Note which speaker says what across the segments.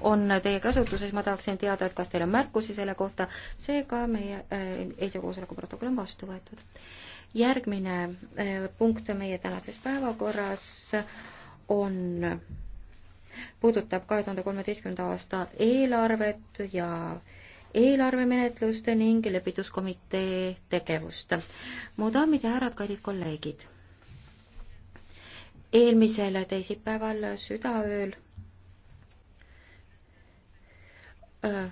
Speaker 1: on teie käsutuses, ma tahaksin teada, et kas teil on märkusi selle kohta, seega meie äh, eilse koosoleku protokoll on vastu võetud. järgmine äh, punkt meie tänases päevakorras on, puudutab kahe tuhande kolmeteistkümnenda aasta eelarvet ja eelarvemenetluste ning lepituskomitee tegevust. mu daamid ja härrad, kallid kolleegid, eelmisel teisipäeval südaööl Äh,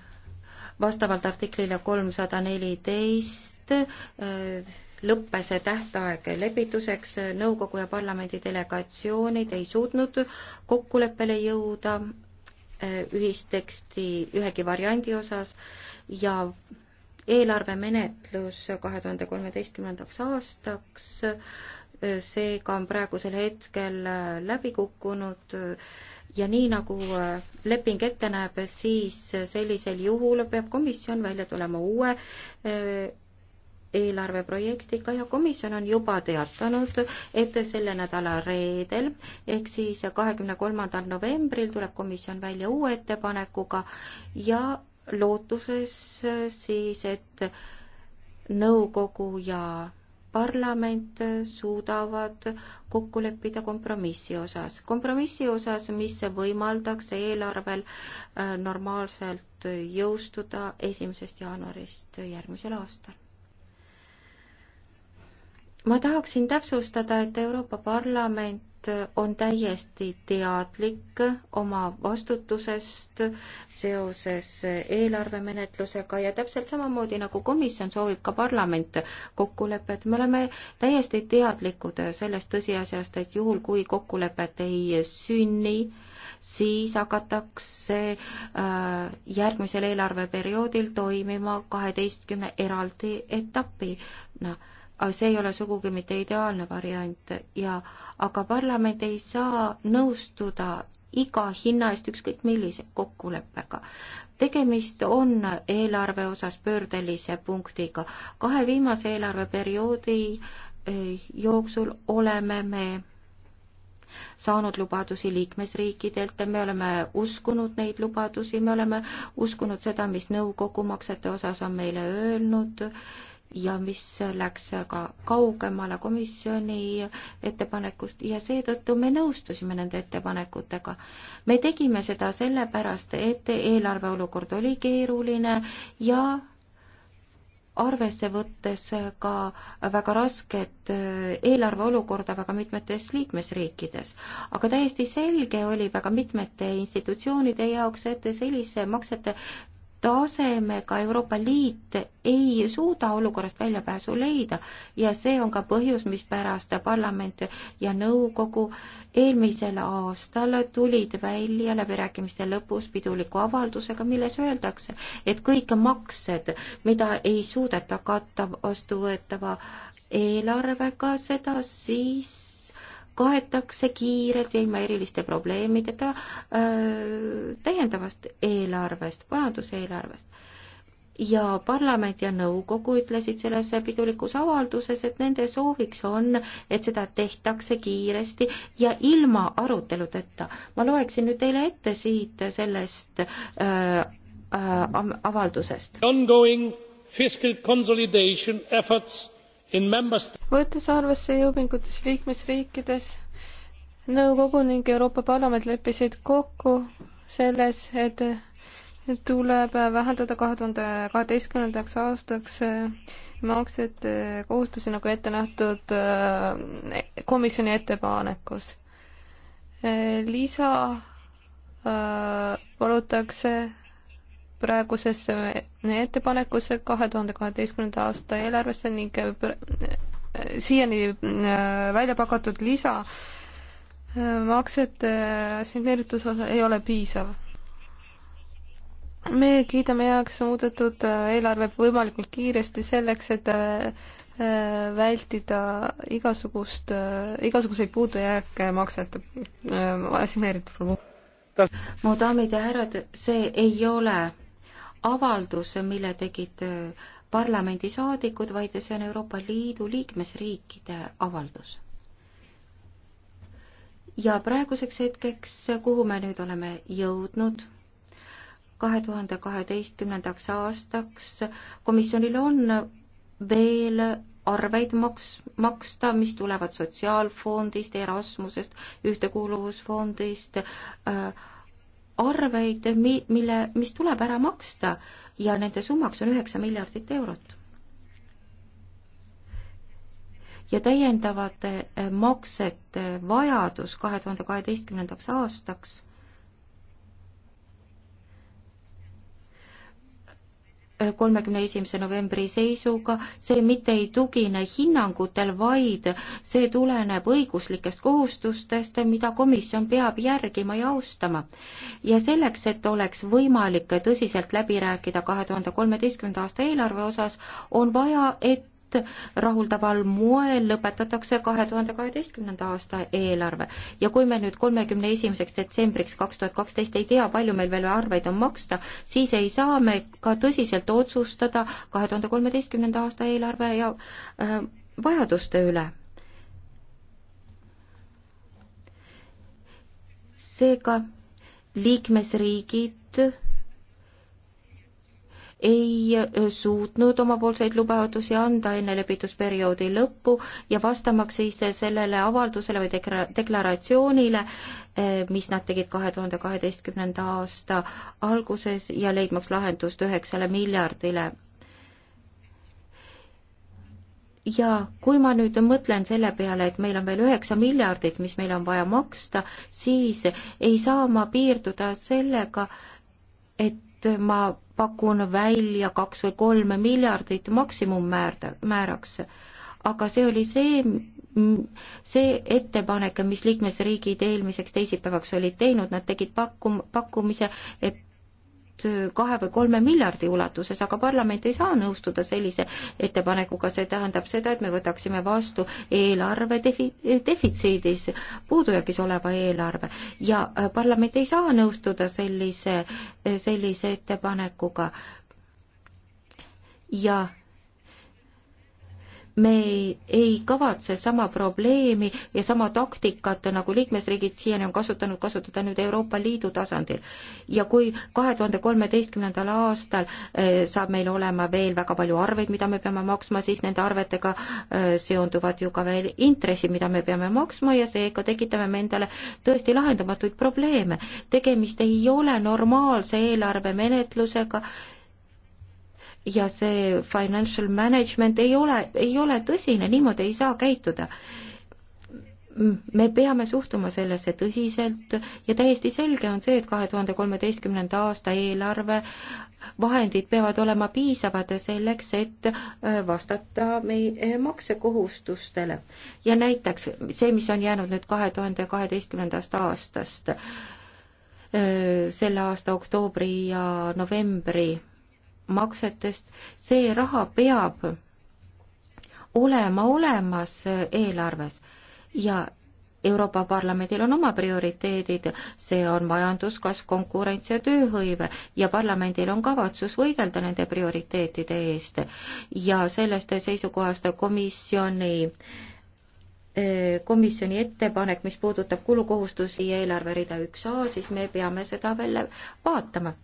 Speaker 1: vastavalt artiklile kolmsada neliteist äh, lõppes tähtaeg lepituseks, nõukogu ja parlamendi delegatsioonid ei suutnud kokkuleppele jõuda äh, ühisteksti ühegi variandi osas ja eelarvemenetlus kahe tuhande kolmeteistkümnendaks aastaks seega on praegusel hetkel läbi kukkunud ja nii, nagu äh, leping ette näeb, siis äh, sellisel juhul peab komisjon välja tulema uue äh, eelarveprojektiga ja komisjon on juba teatanud, et selle nädala reedel ehk siis kahekümne kolmandal novembril tuleb komisjon välja uue ettepanekuga ja lootuses siis, et nõukogu ja parlament suudavad kokku leppida kompromissi osas. kompromissi osas, mis võimaldaks eelarvel äh, normaalselt jõustuda esimesest jaanuarist järgmisel aastal ma tahaksin täpsustada, et Euroopa Parlament on täiesti teadlik oma vastutusest seoses eelarvemenetlusega ja täpselt samamoodi nagu komisjon soovib ka parlament kokkulepet, me oleme täiesti teadlikud sellest tõsiasjast, et juhul, kui kokkulepet ei sünni, siis hakatakse äh, järgmisel eelarveperioodil toimima kaheteistkümne eraldi etapina no see ei ole sugugi mitte ideaalne variant ja, aga parlament ei saa nõustuda iga hinna eest ükskõik millise kokkuleppega. tegemist on eelarve osas pöördelise punktiga. kahe viimase eelarveperioodi eh, jooksul oleme me saanud lubadusi liikmesriikidelt, me oleme uskunud neid lubadusi, me oleme uskunud seda, mis nõukogu maksete osas on meile öelnud ja mis läks ka kaugemale komisjoni ettepanekust ja seetõttu me nõustusime nende ettepanekutega. me tegime seda sellepärast, et eelarve olukord oli keeruline ja arvesse võttes ka väga rasket eelarve olukorda väga mitmetes liikmesriikides. aga täiesti selge oli väga mitmete institutsioonide jaoks, et sellise maksete tasemega Euroopa Liit ei suuda olukorrast väljapääsu leida ja see on ka põhjus, mispärast parlament ja nõukogu eelmisel aastal tulid välja läbirääkimiste lõpus piduliku avaldusega, milles öeldakse, et kõik maksed, mida ei suudeta katta vastuvõetava eelarvega, seda siis kaetakse kiirelt ja ilma eriliste probleemideta äh, täiendavast eelarvest, paranduseelarvest ja parlament ja nõukogu ütlesid selles pidulikus avalduses, et nende sooviks on, et seda tehtakse kiiresti ja ilma aruteludeta. ma loeksin nüüd teile ette siit sellest äh, äh, avaldusest. Ongoing fiscal consolidation efforts võttes
Speaker 2: arvesse jõupingutusi liikmesriikides, nõukogu ning Euroopa Parlament leppisid kokku selles, et tuleb vähendada kahe tuhande kaheteistkümnendaks aastaks maksete kohustusi nagu ette nähtud eh, komisjoni ettepanekus. Eh, lisa eh, palutakse praegusesse ettepanekusse kahe tuhande kaheteistkümnenda aasta eelarvesse ning äh, siiani äh, välja pakatud lisa äh, maksete signeeritus ei ole piisav. me kiidame heaks muudetud eelarve võimalikult kiiresti selleks, et vältida igasugust,
Speaker 1: igasuguseid puudujääke maksete signeeritud puhul mu daamid ja härrad, see ei ole avaldus, mille tegid äh, parlamendisaadikud, vaid see on Euroopa Liidu liikmesriikide avaldus. ja praeguseks hetkeks, kuhu me nüüd oleme jõudnud, kahe tuhande kaheteistkümnendaks aastaks komisjonil on veel arveid maks, maksta, mis tulevad Sotsiaalfondist, Erasmusest, Ühtekuuluvusfondist äh,, arveid, mi-, mille, mis tuleb ära maksta ja nende summaks on üheksa miljardit eurot. ja täiendavate eh, maksete vajadus kahe tuhande kaheteistkümnendaks aastaks kolmekümne esimese novembri seisuga, see mitte ei tugine hinnangutel, vaid see tuleneb õiguslikest kohustustest, mida komisjon peab järgima ja austama. ja selleks, et oleks võimalik tõsiselt läbi rääkida kahe tuhande kolmeteistkümnenda aasta eelarve osas, on vaja, et rahuldaval moel lõpetatakse kahe tuhande kaheteistkümnenda aasta eelarve. ja kui me nüüd kolmekümne esimeseks detsembriks kaks tuhat kaksteist ei tea, palju meil veel arveid on maksta, siis ei saa me ka tõsiselt otsustada kahe tuhande kolmeteistkümnenda aasta eelarve ja äh, vajaduste üle. seega liikmesriigid ei äh, suutnud omapoolseid lubadusi anda enne lepitusperioodi lõppu ja vastamaks siis sellele avaldusele või dekra-, deklaratsioonile, äh, mis nad tegid kahe tuhande kaheteistkümnenda aasta alguses ja leidmaks lahendust üheksale miljardile ja kui ma nüüd mõtlen selle peale, et meil on veel üheksa miljardit, mis meil on vaja maksta, siis ei saa ma piirduda sellega, et ma pakun välja kaks või kolm miljardit maksimummäärda, määraks. aga see oli see, see ettepanek, mis liikmesriigid eelmiseks teisipäevaks olid teinud, nad tegid pakkum-, pakkumise, et kahe või kolme miljardi ulatuses, aga parlament ei saa nõustuda sellise ettepanekuga, see tähendab seda, et me võtaksime vastu eelarve defi-, defitsiidis, puudujäägis oleva eelarve ja äh, parlament ei saa nõustuda sellise, äh, sellise ettepanekuga ja me ei, ei kavatse sama probleemi ja sama taktikat, nagu liikmesriigid siiani on kasutanud, kasutada nüüd Euroopa Liidu tasandil. ja kui kahe tuhande kolmeteistkümnendal aastal eh, saab meil olema veel väga palju arveid, mida me peame maksma, siis nende arvetega eh, seonduvad ju ka veel intressid, mida me peame maksma ja seega tekitame me endale tõesti lahendamatuid probleeme. tegemist ei ole normaalse eelarvemenetlusega ja see financial management ei ole, ei ole tõsine, niimoodi ei saa käituda me peame suhtuma sellesse tõsiselt ja täiesti selge on see, et kahe tuhande kolmeteistkümnenda aasta eelarve vahendid peavad olema piisavad selleks, et äh, vastata meie äh, maksekohustustele. ja näiteks see, mis on jäänud nüüd kahe tuhande kaheteistkümnendast aastast, äh, selle aasta oktoobri ja novembri maksetest, see raha peab olema olemas eelarves ja Euroopa Parlamendil on oma prioriteedid, see on majanduskasv, konkurents ja tööhõive ja parlamendil on kavatsus võidelda nende prioriteetide eest. ja sellest seisukohast komisjoni eh, komisjoni ettepanek, mis puudutab kulukohustusi ja eelarverida üks A, siis me peame seda veel vaatama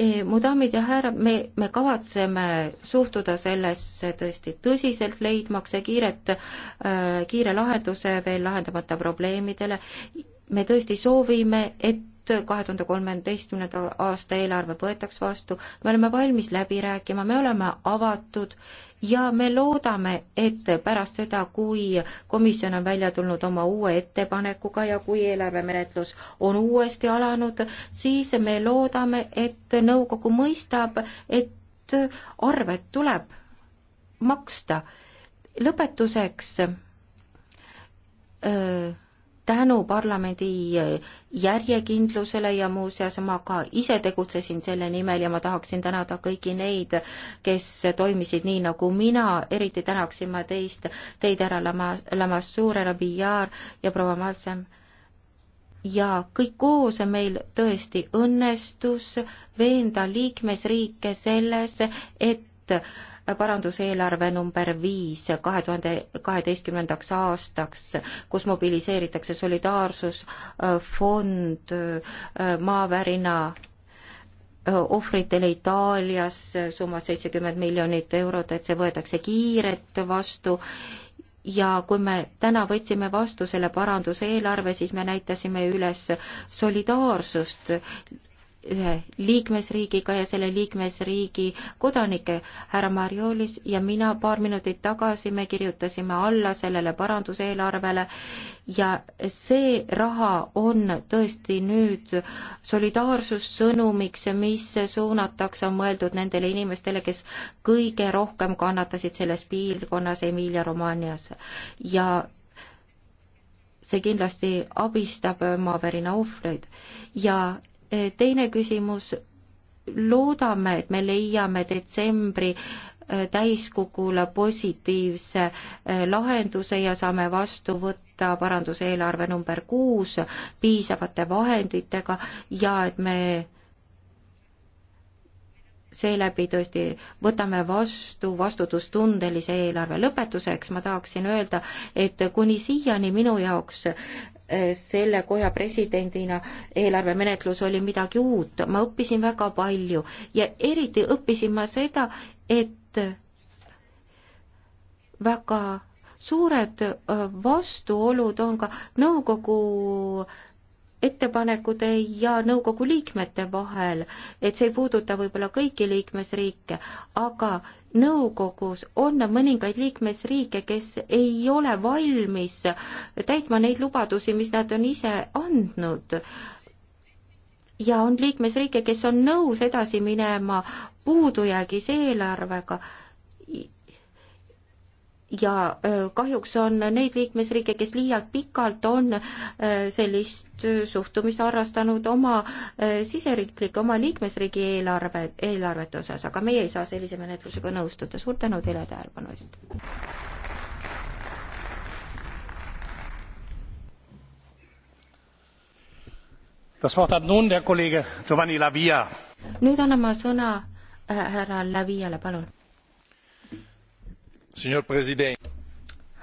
Speaker 1: Eh, mu daamid ja härrad, me, me kavatseme suhtuda sellesse tõesti tõsiselt, leidmaks kiiret äh,, kiire lahenduse veel lahendamata probleemidele. me tõesti soovime, et et kahe tuhande kolmeteistkümnenda aasta eelarve võetaks vastu, me oleme valmis läbi rääkima, me oleme avatud ja me loodame, et pärast seda, kui komisjon on välja tulnud oma uue ettepanekuga ja kui eelarvemenetlus on uuesti alanud, siis me loodame, et nõukogu mõistab, et arved tuleb maksta. lõpetuseks öö, tänu parlamendi eh, järjekindlusele ja muuseas ma ka ise tegutsesin selle nimel ja ma tahaksin tänada kõiki neid, kes toimisid nii nagu mina, eriti tänaksin ma teist, teid ära Lama-, Lamassuur, härra Bijar ja proua Malsem. ja kõik koos meil tõesti õnnestus veenda liikmesriike selles, et paranduseelarve number viis kahe tuhande kaheteistkümnendaks aastaks, kus mobiliseeritakse solidaarsusfond äh, maavärina äh, ohvritele Itaalias summas seitsekümmend miljonit eurot, et see võetakse kiirelt vastu ja kui me täna võtsime vastu selle paranduseelarve, siis me näitasime üles solidaarsust ühe liikmesriigiga ja selle liikmesriigi kodanike. härra Mariolis ja mina paar minutit tagasi me kirjutasime alla sellele paranduseelarvele ja see raha on tõesti nüüd solidaarsussõnumiks, mis suunatakse, on mõeldud nendele inimestele, kes kõige rohkem kannatasid selles piirkonnas Emilia-Romanias ja see kindlasti abistab maavärina ohvreid ja Eh, teine küsimus, loodame, et me leiame detsembri eh, täiskogule positiivse eh, lahenduse ja saame vastu võtta paranduseelarve number kuus piisavate vahenditega ja et me seeläbi tõesti võtame vastu vastutustundelise eelarve. lõpetuseks ma tahaksin öelda, et kuni siiani minu jaoks selle koja presidendina eelarvemenetlus oli midagi uut, ma õppisin väga palju ja eriti õppisin ma seda, et väga suured äh, vastuolud on ka nõukogu ettepanekute ja nõukogu liikmete vahel, et see ei puuduta võib-olla kõiki liikmesriike, aga nõukogus on mõningaid liikmesriike, kes ei ole valmis täitma neid lubadusi, mis nad on ise andnud. ja on liikmesriike, kes on nõus edasi minema puudujäägis eelarvega ja kahjuks on neid liikmesriike, kes liialt pikalt on sellist suhtumist harrastanud oma siseriiklike, oma liikmesriigi eelarve, eelarvete osas, aga meie ei saa sellise menetlusega nõustuda. suur tänu teile tähelepanu eest! nüüd annan ma sõna äh, härra Laviale, palun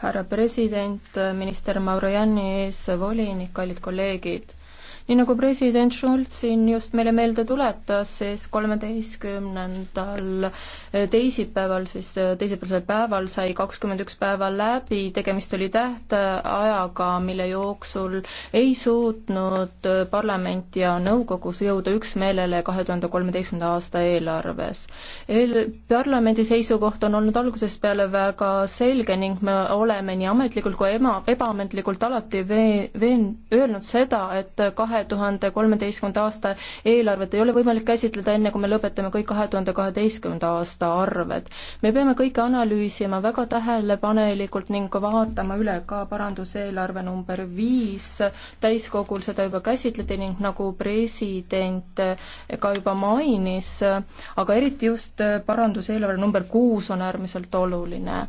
Speaker 3: härra president, minister Maurojani ees, volinik, kallid kolleegid. nii nagu president Schulz siin just meile meelde tuletas, siis kolmeteistkümnendal 13 teisipäeval, siis teisipäevasel päeval sai kakskümmend üks päeva läbi, tegemist oli tähtajaga, mille jooksul ei suutnud parlament ja nõukogus jõuda üksmeelele kahe tuhande kolmeteistkümnenda aasta eelarves Eel,. parlamendi seisukoht on olnud algusest peale väga selge ning me oleme nii ametlikult kui ema, ebaametlikult alati veen-, veen-, öelnud seda, et kahe tuhande kolmeteistkümnenda aasta eelarvet ei ole võimalik käsitleda enne, kui me lõpetame kõik kahe tuhande kaheteistkümnenda aasta aastaarved. me peame kõike analüüsima väga tähelepanelikult ning vaatama üle ka paranduseelarve number viis, täiskogul seda juba käsitleti ning nagu president ka juba mainis, aga eriti just paranduseelarve number kuus on äärmiselt oluline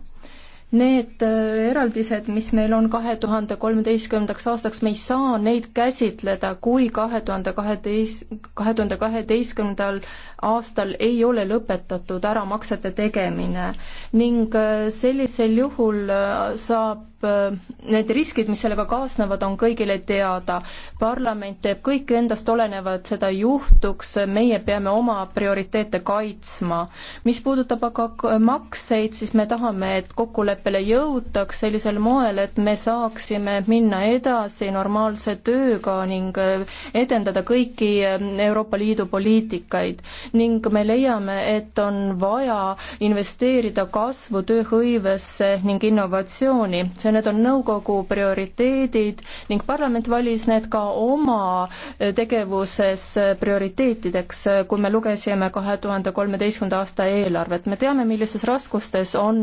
Speaker 3: Need äh, eraldised, mis meil on kahe tuhande kolmeteistkümnendaks aastaks, me ei saa neid käsitleda, kui kahe tuhande kaheteis-, kahe tuhande kaheteistkümnendal aastal ei ole lõpetatud äramaksete tegemine. ning äh, sellisel juhul äh, saab Äh, need riskid, mis sellega kaasnevad, on kõigile teada. parlament teeb kõik endast olenevat, seda juhtuks, meie peame oma prioriteete kaitsma. mis puudutab aga makseid, siis me tahame, et kokkuleppele jõutaks sellisel moel, et me saaksime minna edasi normaalse tööga ning äh, edendada kõiki äh, Euroopa Liidu poliitikaid. ning me leiame, et on vaja investeerida kasvu, tööhõivesse ning innovatsiooni need on nõukogu prioriteedid ning parlament valis need ka oma tegevuses prioriteetideks, kui me lugesime kahe tuhande kolmeteistkümnenda aasta eelarvet. me teame, millises raskustes on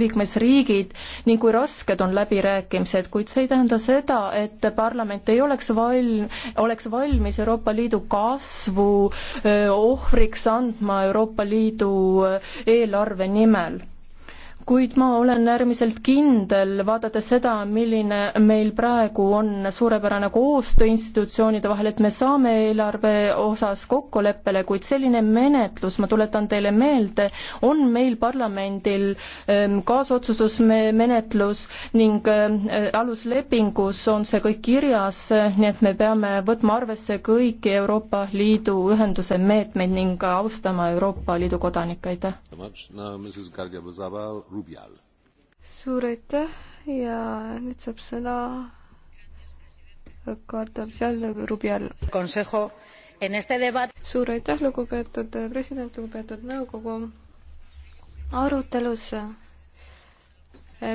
Speaker 3: liikmesriigid ning kui rasked on läbirääkimised, kuid see ei tähenda seda, et parlament ei oleks valm-, oleks valmis Euroopa Liidu kasvu eh, ohvriks andma Euroopa Liidu eh, eelarve nimel kuid ma olen äärmiselt kindel, vaadates seda, milline meil praegu on suurepärane koostöö institutsioonide vahel, et me saame eelarve osas kokkuleppele, kuid selline menetlus, ma tuletan teile meelde, on meil parlamendil ehm, kaasotsustusmenetlus ning ehm, aluslepingus on see kõik kirjas, nii et me peame võtma arvesse kõiki Euroopa Liidu ühenduse meetmeid ning austama Euroopa Liidu kodanikke, aitäh! Rubial. suur aitäh ja nüüd saab sõna
Speaker 2: Karta Rubial. Rubial. suur aitäh, lugupeetud president, lugupeetud nõukogu. arutelus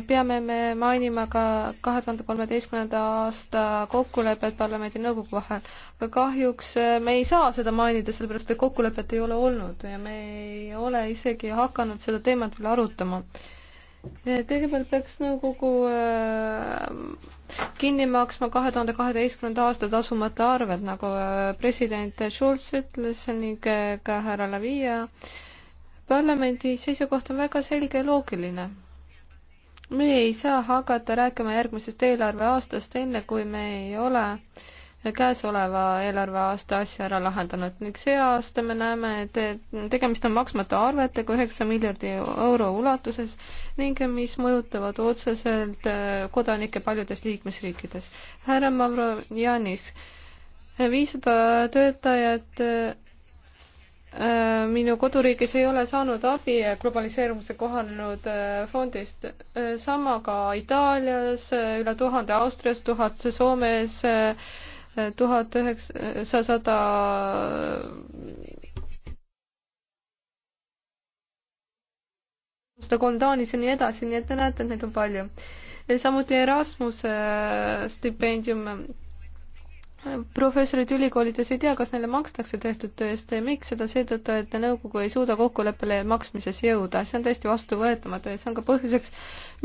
Speaker 2: peame me mainima ka kahe tuhande kolmeteistkümnenda aasta kokkulepet parlamendi nõukogu vahel. kahjuks äh, me ei saa seda mainida, sellepärast et kokkulepet ei ole olnud ja me ei ole isegi hakanud seda teemat veel arutama. Äh, kõigepealt peaks nõukogu äh, kinni maksma kahe tuhande kaheteistkümnenda aasta tasumata arved, nagu president Schulz ütles ning ka härra Lavia. parlamendi seisukoht on väga selge ja loogiline me ei saa hakata rääkima järgmisest eelarveaastast, enne kui me ei ole käesoleva eelarveaasta asja ära lahendanud ning see aasta me näeme, et tegemist on maksmata arvetega üheksa miljardi euro ulatuses ning mis mõjutavad otseselt äh, kodanikke paljudes liikmesriikides. härra Mavrojanis, viissada töötajat Äh, minu koduriigis ei ole saanud abi globaliseerumise kohanenud äh, fondist. Äh, sama ka Itaalias, üle tuhande Austrias, tuhat Soomes, tuhat üheksasada seda kolm Taanis ja nii edasi, nii et te näete, et neid on palju. samuti Erasmuse stipendium professorid ülikoolides ei tea, kas neile makstakse tehtud töö eest ja miks seda seetõttu, et nõukogu ei suuda kokkuleppele maksmises jõuda, see on täiesti vastuvõetamatu ja see on ka põhjuseks,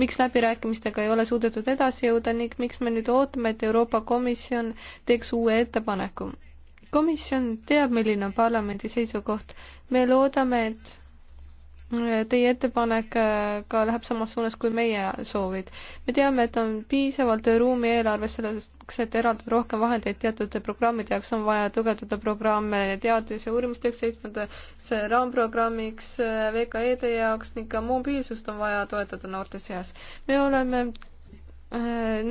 Speaker 2: miks läbirääkimistega ei ole suudetud edasi jõuda ning miks me nüüd ootame, et Euroopa Komisjon teeks uue ettepaneku. komisjon teab, milline on parlamendi seisukoht. me loodame, et Teie ettepanek äh, ka läheb samas suunas kui meie soovid. me teame, et on piisavalt ruumi eelarves selleks, et eraldada rohkem vahendeid teatud programmide jaoks, on vaja tugevdada programme teadus- ja uurimistööks, seitsmendaks äh, raamprogrammiks, äh, VKE-de jaoks ning ka mobiilsust on vaja toetada noorte seas. me oleme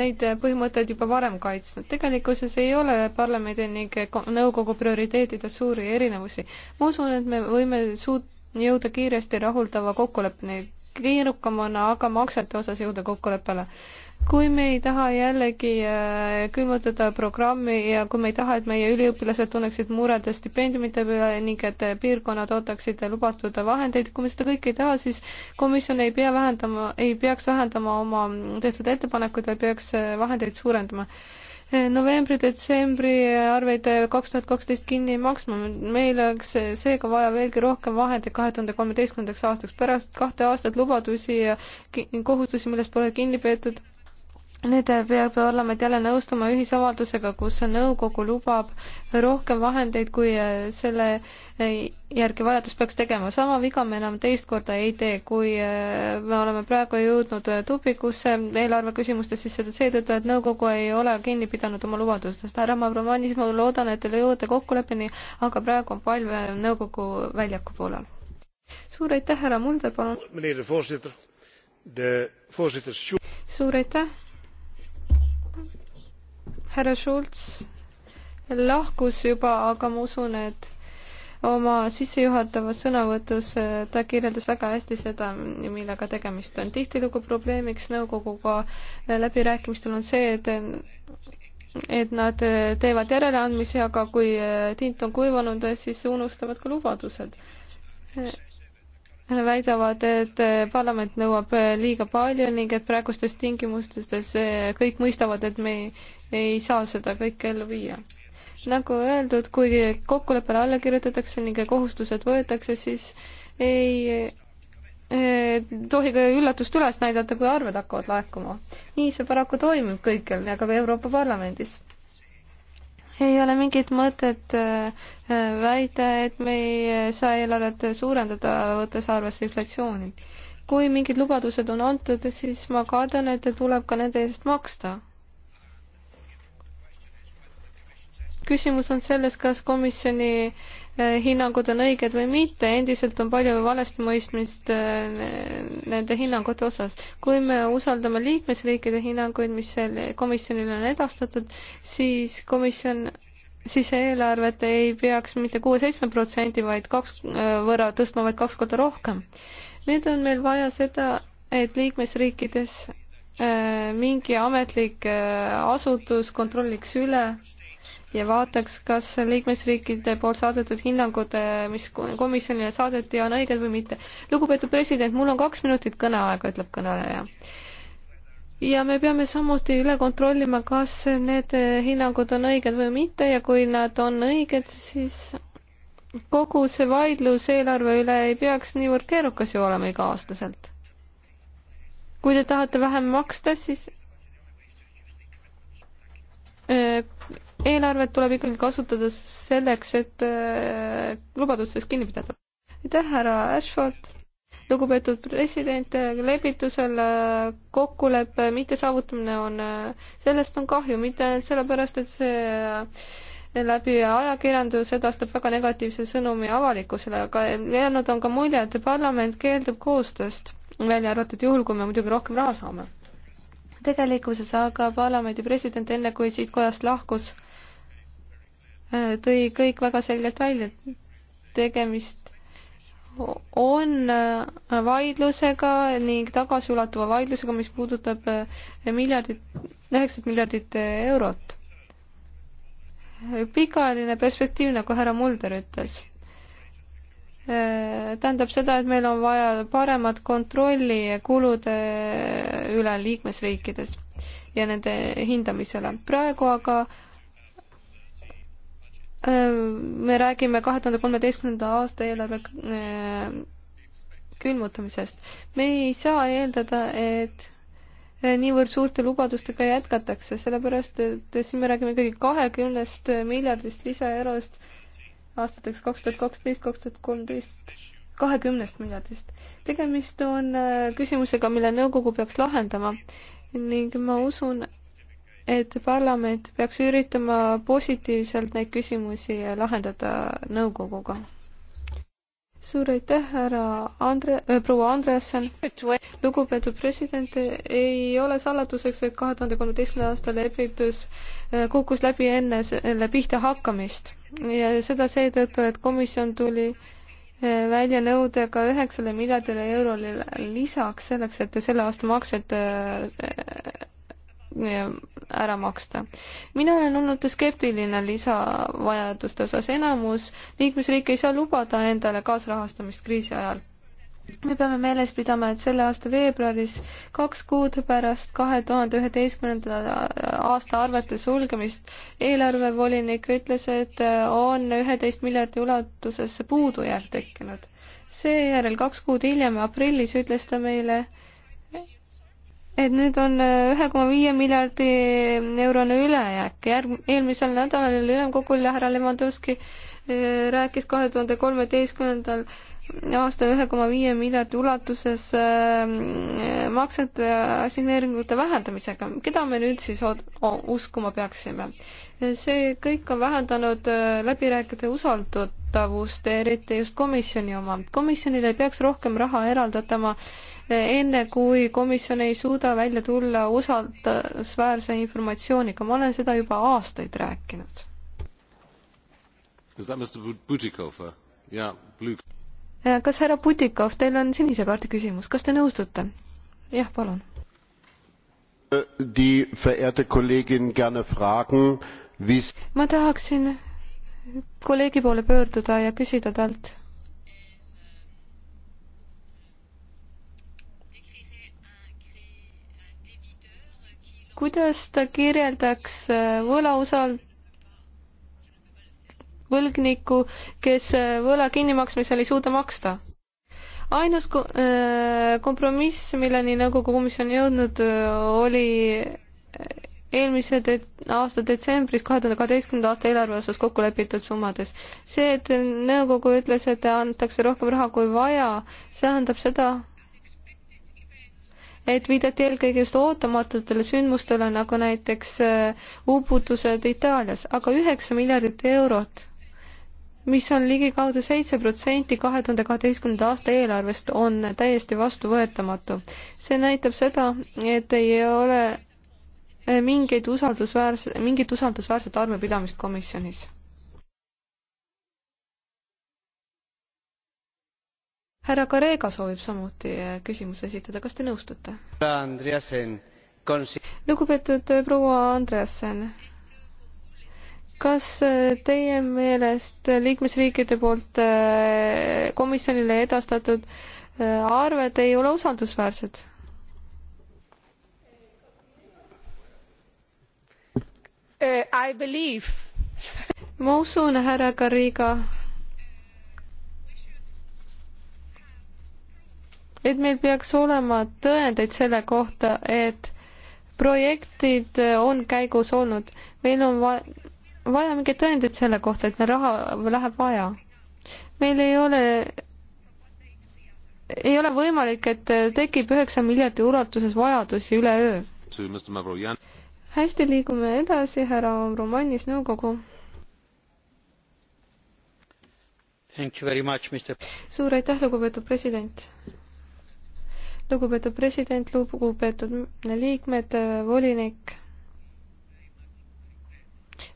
Speaker 2: neid põhimõtteid juba varem kaitsnud. tegelikkuses ei ole parlamendi ning nõukogu prioriteedides suuri erinevusi. ma usun, et me võime suut-, jõuda kiiresti rahuldava kokkuleppeni, keerukam on aga maksete osas jõuda kokkuleppele. kui me ei taha jällegi äh, külmutada programmi ja kui me ei taha, et meie üliõpilased tunneksid muret stipendiumite peale ning et piirkonnad ootaksid lubatud vahendeid, kui me seda kõike ei taha, siis komisjon ei pea vähendama, ei peaks vähendama oma mm, tehtud ettepanekuid, vaid peaks äh, vahendeid suurendama novembri-detsembri arveid kaks tuhat kaksteist kinni ei maksma, meil oleks seega vaja veelgi rohkem vahendeid kahe tuhande kolmeteistkümnendaks aastaks. pärast kahte aastat lubadusi ja kohustusi, millest pole kinni peetud nüüd eh, peab parlament jälle nõustuma ühisavaldusega, kus nõukogu lubab rohkem vahendeid, kui eh, selle eh, järgi vajadus peaks tegema. sama viga me enam teist korda ei tee, kui me oleme praegu jõudnud tupikusse eelarve küsimustes, siis seda seetõttu, et nõukogu ei ole kinni pidanud oma lubadustest. härra Mavromanis, ma loodan, et te jõuate kokkuleppeni, aga praegu on palve nõukogu väljaku poolel. suur aitäh, härra Mulder, palun. suur aitäh härra Schulz lahkus juba, aga ma usun, et oma sissejuhatavas sõnavõtus äh, ta kirjeldas väga hästi seda, millega tegemist on. tihtilugu probleemiks nõukoguga äh, läbirääkimistel on see, et et nad äh, teevad järeleandmisi, aga kui tint on kuivanud, siis unustavad ka lubadused. väidavad, et parlament nõuab liiga palju ning et praegustes tingimustes kõik mõistavad, et me ei saa seda kõike ellu viia. nagu öeldud, kui kokkuleppele alla kirjutatakse ning kohustused võetakse, siis ei tohi ka üllatust üles näidata, kui arved hakkavad laekuma. nii see paraku toimib kõikjal ja ka Euroopa Parlamendis. ei ole mingit mõtet äh, väita, et me ei saa eelarvet suurendada, võttes arvesse inflatsiooni. kui mingid lubadused on antud, siis ma kardan, et tuleb ka nende eest maksta küsimus on selles, kas komisjoni äh, hinnangud on õiged või mitte, endiselt on palju valesti mõistmist äh, nende hinnangute osas. kui me usaldame liikmesriikide hinnanguid, mis selle komisjonile on edastatud, siis komisjon siis eelarvet ei peaks mitte kuue-seitsme protsendi, vaid kaks äh, võrra tõstma, vaid kaks korda rohkem. nüüd on meil vaja seda, et liikmesriikides mingi ametlik asutus kontrolliks üle ja vaataks, kas liikmesriikide poolt saadetud hinnangud, mis komisjonile saadeti, on õiged või mitte. lugupeetud president, mul on kaks minutit kõneaega, ütleb kõneleja. ja me peame samuti üle kontrollima, kas need hinnangud on õiged või mitte ja kui nad on õiged, siis kogu see vaidlus eelarve üle ei peaks niivõrd keerukas ju olema iga-aastaselt. kui te tahate vähem maksta, siis äh, eelarvet tuleb ikkagi kasutada selleks, et äh, lubadustest kinni pidada. aitäh, härra Ashford! lugupeetud president, lepitusel äh, kokkuleppe mittesaavutamine on, äh, sellest on kahju, mitte sellepärast, et see läbi ajakirjandus edastab väga negatiivse sõnumi avalikkusele, aga jäänud on ka mulje, et parlament keeldub koostööst, välja arvatud juhul, kui me muidugi rohkem raha saame. tegelikkuses aga parlamendi president, enne kui siit kojast lahkus, Äh, tõi kõik väga selgelt välja, et tegemist on äh, vaidlusega ning tagasiulatuva vaidlusega, mis puudutab äh, miljardit, üheksat miljardit eurot. pikaajaline perspektiiv, nagu härra Mulder ütles, tähendab seda, et meil on vaja paremat kontrolli kulude üle liikmesriikides ja nende hindamisele. praegu aga äh, me räägime kahe tuhande kolmeteistkümnenda aasta eelarve eh, külmutamisest. me ei saa eeldada, et eh, niivõrd suurte lubadustega jätkatakse, sellepärast et siin me räägime ikkagi kahekümnest miljardist lisaeurost aastateks kaks tuhat kaksteist, kaks tuhat kolmteist, kahekümnest miljardist. tegemist on eh, küsimusega, mille nõukogu peaks lahendama ning ma usun, et parlament peaks üritama positiivselt neid küsimusi lahendada nõukoguga. suur aitäh, härra Andre- äh,, proua Andreasen. lugupeetud president, ei ole saladuseks, et kahe tuhande kolmeteistkümnenda aasta lepitus äh, kukkus läbi enne selle pihta hakkamist ja seda seetõttu, et komisjon tuli äh, välja nõudega üheksale miljardile eurole lisaks selleks, et selle aasta maksed äh, ära maksta. mina olen olnud skeptiline lisavajaduste osas, enamus liikmesriike ei saa lubada endale kaasrahastamist kriisi ajal me peame meeles pidama, et selle aasta veebruaris, kaks kuud pärast kahe tuhande üheteistkümnenda aasta arvete sulgemist, eelarvevolinik ütles, et on üheteist miljardi ulatuses puudujääk tekkinud. seejärel kaks kuud hiljem, aprillis, ütles ta meile, et nüüd on äh, ühe koma viie miljardi eurone ülejääk. järg-, eelmisel nädalal ülemkogul härra Lewandowski äh, rääkis kahe tuhande kolmeteistkümnendal aastal ühe koma viie miljardi ulatuses äh, maksete assigneeringute vähendamisega. keda me nüüd siis uskuma peaksime? see kõik on vähendanud läbirääkijate usaldatavust, eriti just komisjoni oma. komisjonile ei peaks rohkem raha eraldatama äh, enne kui komisjon ei suuda välja tulla usaldusväärse informatsiooniga. ma olen seda juba aastaid rääkinud. Uh, äh, kas härra Putikov, teil on sinise kaardi küsimus, kas te nõustute? jah, palun. Äh, die verehrte Kollegin gerne
Speaker 3: fragen, wie
Speaker 2: ma tahaksin kolleegi poole pöörduda ja küsida talt kuidas ta kirjeldaks äh, võlausal-, võlgnikku, kes äh, võla kinnimaksmisel ei suuda maksta? ainus äh, kompromiss, milleni nõukogu komisjon jõudnud, oli eelmise de aasta detsembris kahe tuhande kaheteistkümnenda aasta eelarve osas kokku lepitud summades. see, et nõukogu ütles, et antakse rohkem raha kui vaja, see tähendab seda, et viidati eelkõige just ootamatutele sündmustele, nagu näiteks äh, uputused Itaalias, aga üheksa miljardit eurot, mis on ligikaudu seitse protsenti kahe tuhande kaheteistkümnenda aasta eelarvest, on täiesti vastuvõetamatu. see näitab seda, et ei ole äh, mingeid usaldusväärse, mingit usaldusväärset arvepidamist komisjonis härra Karega soovib samuti eh, küsimuse esitada, kas te nõustute? lugupeetud eh, proua Andreasen, kas eh, teie meelest liikmesriikide poolt komisjonile edastatud arved ei ole usaldusväärsed? ma usun, härra Garriga, et meil peaks olema tõendeid selle kohta, et projektid on käigus olnud. meil on va vaja mingeid tõendeid selle kohta, et meil raha läheb vaja. meil ei ole, ei ole võimalik, et tekib üheksa miljardi ulatuses vajadusi üleöö. hästi, liigume edasi, härra Romanis, nõukogu. suur aitäh, lugupeetud president lugupeetud president, lugupeetud liikmed, volinik.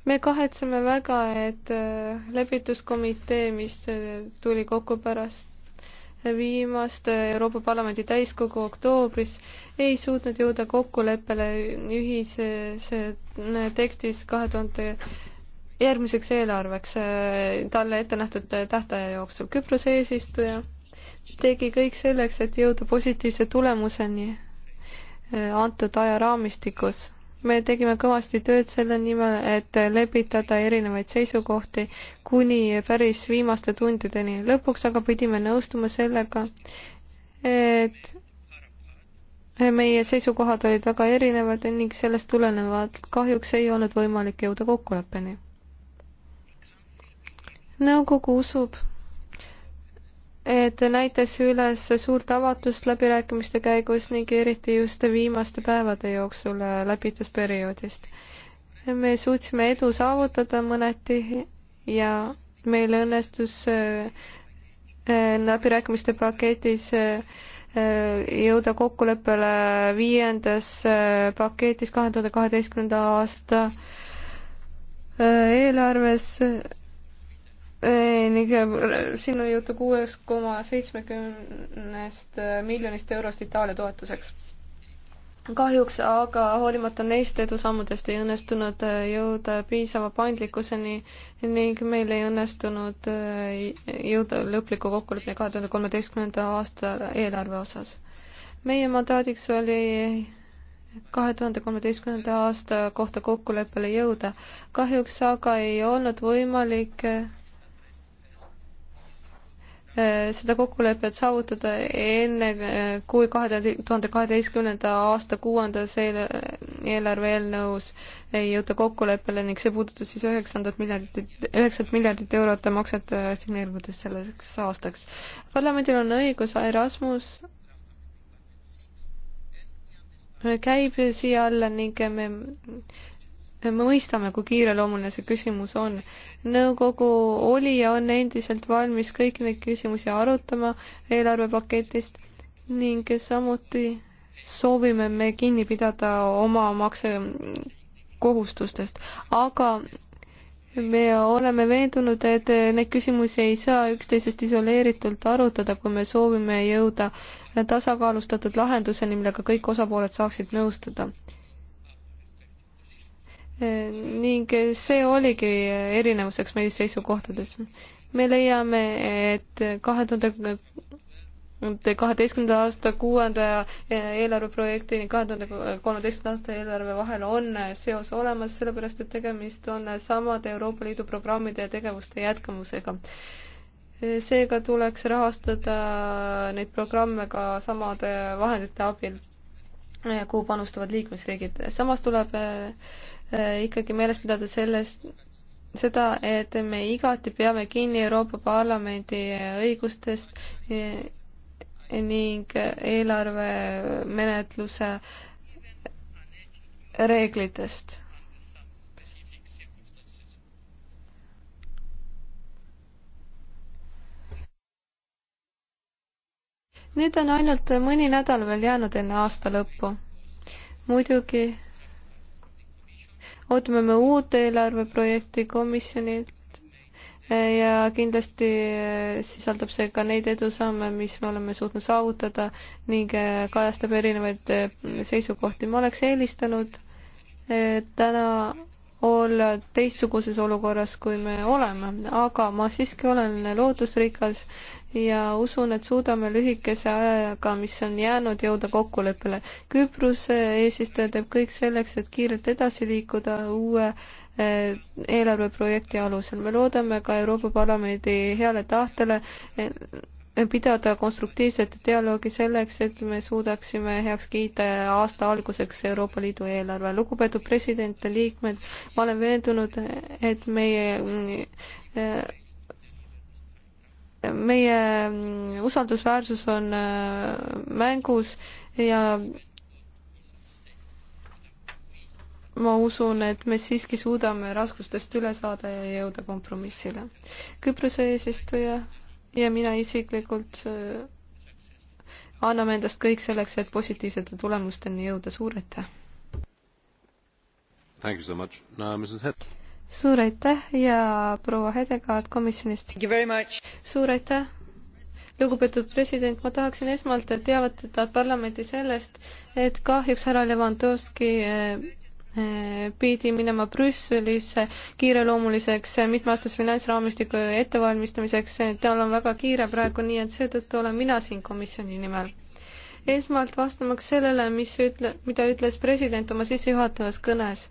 Speaker 2: me kahetseme väga, et äh, lepituskomitee, mis äh, tuli kokku pärast viimast äh, Euroopa Parlamendi täiskogu oktoobris ei suutnud jõuda kokkuleppele ühises tekstis kahe tuhande järgmiseks eelarveks talle ette nähtud tähtaja jooksul. Küprose eesistuja tegi kõik selleks, et jõuda positiivse tulemuseni eh, antud ajaraamistikus. me tegime kõvasti tööd selle nimel, et lepitada erinevaid seisukohti kuni päris viimaste tundideni. lõpuks aga pidime nõustuma sellega, et meie seisukohad olid väga erinevad ning sellest tulenevalt kahjuks ei olnud võimalik jõuda kokkuleppeni. nõukogu usub, et näitas üles suurt avatust läbirääkimiste käigus ning eriti just viimaste päevade jooksul läbitusperioodist. me suutsime edu saavutada mõneti ja meil õnnestus äh, äh, läbirääkimiste paketis äh, jõuda kokkuleppele viiendas paketis kahe tuhande kaheteistkümnenda aasta eelarves ning siin on juttu kuuest koma seitsmekümnest miljonist eurost Itaalia toetuseks. kahjuks aga hoolimata neist edusammudest ei õnnestunud jõuda piisava paindlikkuseni ning meil ei õnnestunud jõuda lõpliku kokkuleppeni kahe tuhande kolmeteistkümnenda aasta eelarve osas. meie mandaadiks oli kahe tuhande kolmeteistkümnenda aasta kohta kokkuleppele jõuda. kahjuks aga ei olnud võimalik Äh, seda kokkulepet saavutada enne, äh, kui kahe tuhande kaheteistkümnenda aasta kuuendas eelarve eelnõus ei jõuta kokkuleppele ning see puudutas siis üheksandat miljardit, üheksat miljardit eurot maksete äh, signeeringutes selleks aastaks. parlamendil on õigus, Erasmus käib siia alla ning me me mõistame, kui kiireloomuline see küsimus on. nõukogu oli ja on endiselt valmis kõiki neid küsimusi arutama eelarvepaketist ning samuti soovime me kinni pidada oma maksekohustustest, aga me oleme veendunud, et neid küsimusi ei saa üksteisest isoleeritult arutada, kui me soovime jõuda tasakaalustatud lahenduseni, millega kõik osapooled saaksid nõustuda ning see oligi erinevuseks meie seisukohtades. me leiame, et kahe tuhande kaheteistkümnenda aasta kuuenda eelarveprojekti ning kahe tuhande kolmeteistkümnenda aasta eelarve vahel on seos olemas, sellepärast et tegemist on samade Euroopa Liidu programmide ja tegevuste jätkamusega. seega tuleks rahastada neid programme ka samade vahendite abil, kuhu panustavad liikmesriigid. samas tuleb Äh, ikkagi meeles pidada sellest, seda, et me igati peame kinni Euroopa Parlamendi õigustest eh, ning eelarvemenetluse reeglitest. nüüd on ainult mõni nädal veel jäänud enne aasta lõppu. muidugi ootame me uut eelarveprojekti komisjonilt eh, ja kindlasti eh, sisaldab see ka neid edusamme, mis me oleme suutnud saavutada ning eh, kajastab erinevaid seisukohti. ma oleks eelistanud täna olla teistsuguses olukorras, kui me oleme, aga ma siiski olen lootusrikas ja usun, et suudame lühikese ajaga, mis on jäänud, jõuda kokkuleppele. Küprose eesistuja teeb kõik selleks, et kiirelt edasi liikuda uue eh, eelarveprojekti alusel. me loodame ka Euroopa Parlamendi heale tahtele eh, pidada konstruktiivset dialoogi selleks, et me suudaksime heaks kiita aasta alguseks Euroopa Liidu eelarve. lugupeetud president ja liikmed, ma olen veendunud, et meie eh, meie usaldusväärsus on äh, mängus ja ma usun, et me siiski suudame raskustest üle saada ja jõuda kompromissile. Küprose eesistuja ja mina isiklikult äh, anname endast kõik selleks, et positiivsete tulemusteni jõuda, suur aitäh! suur aitäh ja proua Hedegaard komisjonist. suur aitäh. lugupeetud president, ma tahaksin esmalt teavitada parlamendi sellest, et kahjuks härra Levanovski eh, eh, pidi minema Brüsselisse kiireloomuliseks eh, mitmeaastase finantsraamistiku ettevalmistamiseks, tal on väga kiire praegu, nii et seetõttu olen mina siin komisjoni nimel esmalt vastamaks sellele, mis ütle, mida ütles president oma sissejuhatavas kõnes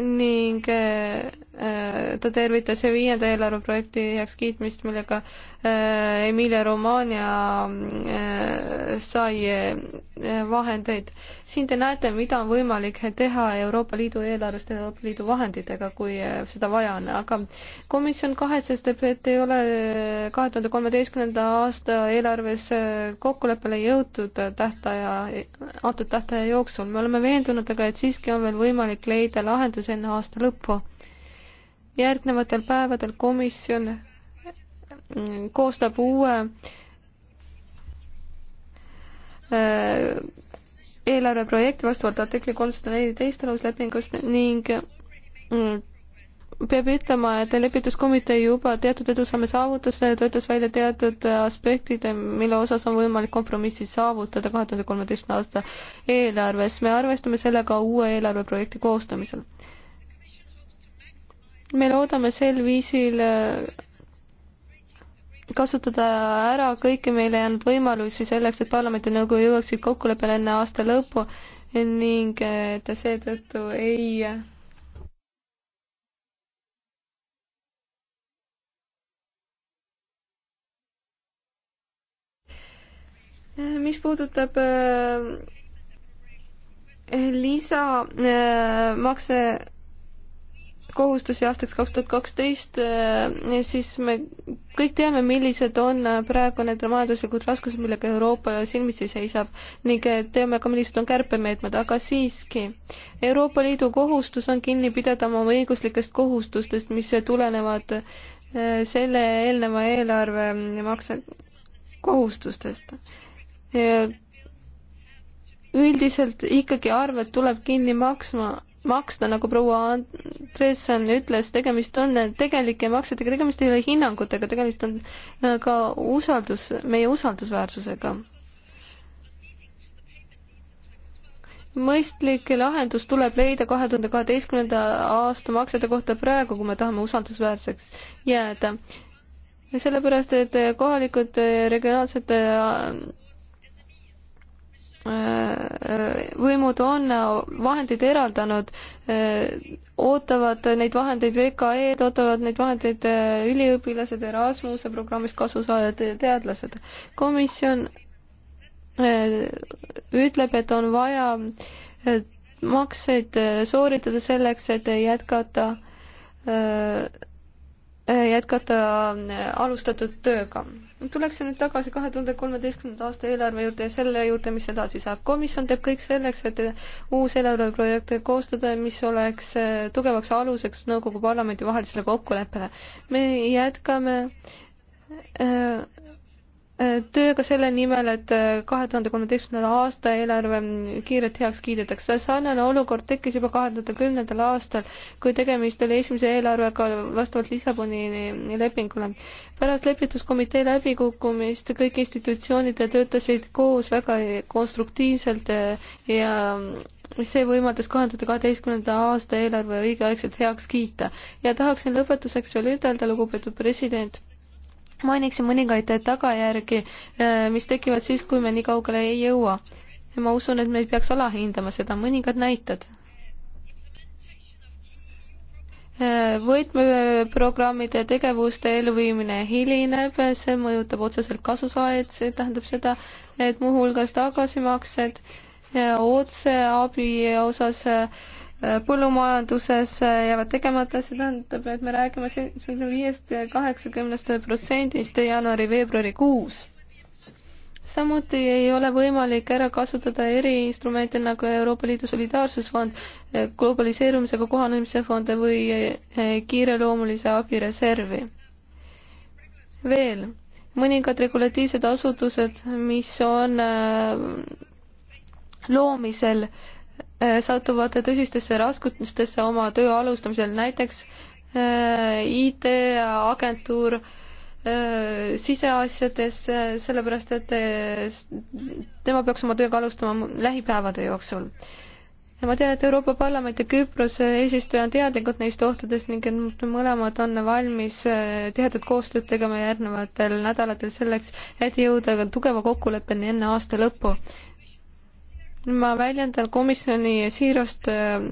Speaker 2: ning äh, äh, ta tervitas viienda eelarveprojekti heakskiitmist, millega äh, Emilia Romagna sai vahendeid. siin te näete, mida on võimalik teha Euroopa Liidu eelarvest ja Euroopa Liidu vahenditega, kui seda vaja on, aga komisjon kahetsestab, et ei ole kahe tuhande kolmeteistkümnenda aasta eelarves kokkuleppele jõutud tähtaja, antud tähtaja jooksul. me oleme veendunud aga, et siiski on veel võimalik leida lahendus valmis enne aasta lõppu. järgnevatel päevadel komisjon mm, koostab uue äh, eelarveprojekt vastavalt artikli kolmsada neliteist aluslepingust ning mm, peab ütlema, et lepituskomitee juba teatud edusamme saavutas, töötas välja teatud aspektid, mille osas on võimalik kompromissi saavutada kahe tuhande kolmeteistkümne aasta eelarves. me arvestame sellega uue eelarveprojekti koostamisel. me loodame sel viisil äh, kasutada ära kõiki meile jäänud võimalusi selleks, et parlamendi nõukogu jõuaksid kokkuleppele enne aasta lõppu ning äh, et seetõttu ei mis puudutab äh, lisamakse äh, kohustusi aastaks kaks tuhat kaksteist, äh, siis me kõik teame, millised on praegu need majanduslikud raskused, millega Euroopa silmitsi seisab ning teame ka, millised on kärpemeetmed, aga siiski. Euroopa Liidu kohustus on kinni pidada oma õiguslikest kohustustest, mis tulenevad selle eelneva eelarve makse kohustustest üldiselt ikkagi arved tuleb kinni maksma, maksta, nagu proua Andresson ütles, tegemist on tegelike maksetega, tegemist ei ole hinnangutega, tegemist on äh, ka usaldus, meie usaldusväärsusega mõistlik lahendus tuleb leida kahe tuhande kaheteistkümnenda aasta maksete kohta praegu, kui me tahame usaldusväärseks jääda. sellepärast, et kohalikud regionaalsed võimud on vahendeid eraldanud, ootavad neid vahendeid VKE-d, ootavad neid vahendeid üliõpilased, Erasmuse programmist kasusaajad, teadlased. komisjon e, ütleb, et on vaja e, makseid e, sooritada selleks, et jätkata jätkata äh, alustatud tööga. tuleksin nüüd tagasi kahe tuhande kolmeteistkümnenda aasta eelarve juurde ja selle juurde, mis edasi saab. komisjon teeb kõik selleks, et uus eelarveprojekt koostada, mis oleks äh, tugevaks aluseks nõukogu parlamendi vahelisele kokkuleppele. me jätkame äh, tööga selle nimel, et äh, kahe tuhande kolmeteistkümnenda aasta eelarve mm, kiirelt heaks kiidetakse. sarnane olukord tekkis juba kahe tuhande kümnendal aastal, kui tegemist oli esimese eelarvega vastavalt Lissaboni lepingule. pärast lepituskomitee läbikukkumist kõik institutsioonid töötasid koos väga konstruktiivselt äh, ja see võimaldas kahe tuhande kaheteistkümnenda aasta eelarve õigeaegselt heaks kiita. ja tahaksin lõpetuseks veel ütelda, lugupeetud president mainiksin mõningaid tagajärgi, eh, mis tekivad siis, kui me nii kaugele ei jõua. ja ma usun, et me ei peaks alahindama seda, mõningad näited. Eh, võtmeprogrammide tegevuste elluviimine hilineb, see mõjutab otseselt kasusaajaid, see tähendab seda, et muuhulgas tagasimaksed eh, otseabi osas äh, põllumajanduses jäävad tegemata, see tähendab, et me räägime seitsmekümne viiest kaheksakümnest protsendist jaanuari-veebruarikuus. samuti ei ole võimalik ära kasutada eriinstrumente nagu Euroopa Liidu solidaarsusfond, globaliseerumisega kohanemise fond või kiireloomulise abi reservi. veel, mõningad regulatiivsed asutused, mis on äh, loomisel äh, Äh, satuvad tõsistesse raskustesse oma töö alustamisel, näiteks äh, IT-agentuur äh, siseasjades, sellepärast et tema peaks oma tööga alustama lähipäevade jooksul. ja ma tean, et Euroopa Parlament ja Küprose eesistuja on teadlikud neist ohtudest ning et mõlemad on valmis tihedat koostööd tegema järgnevatel nädalatel selleks, et jõuda tugeva kokkuleppeni enne aasta lõppu ma väljendan komisjoni siirast äh,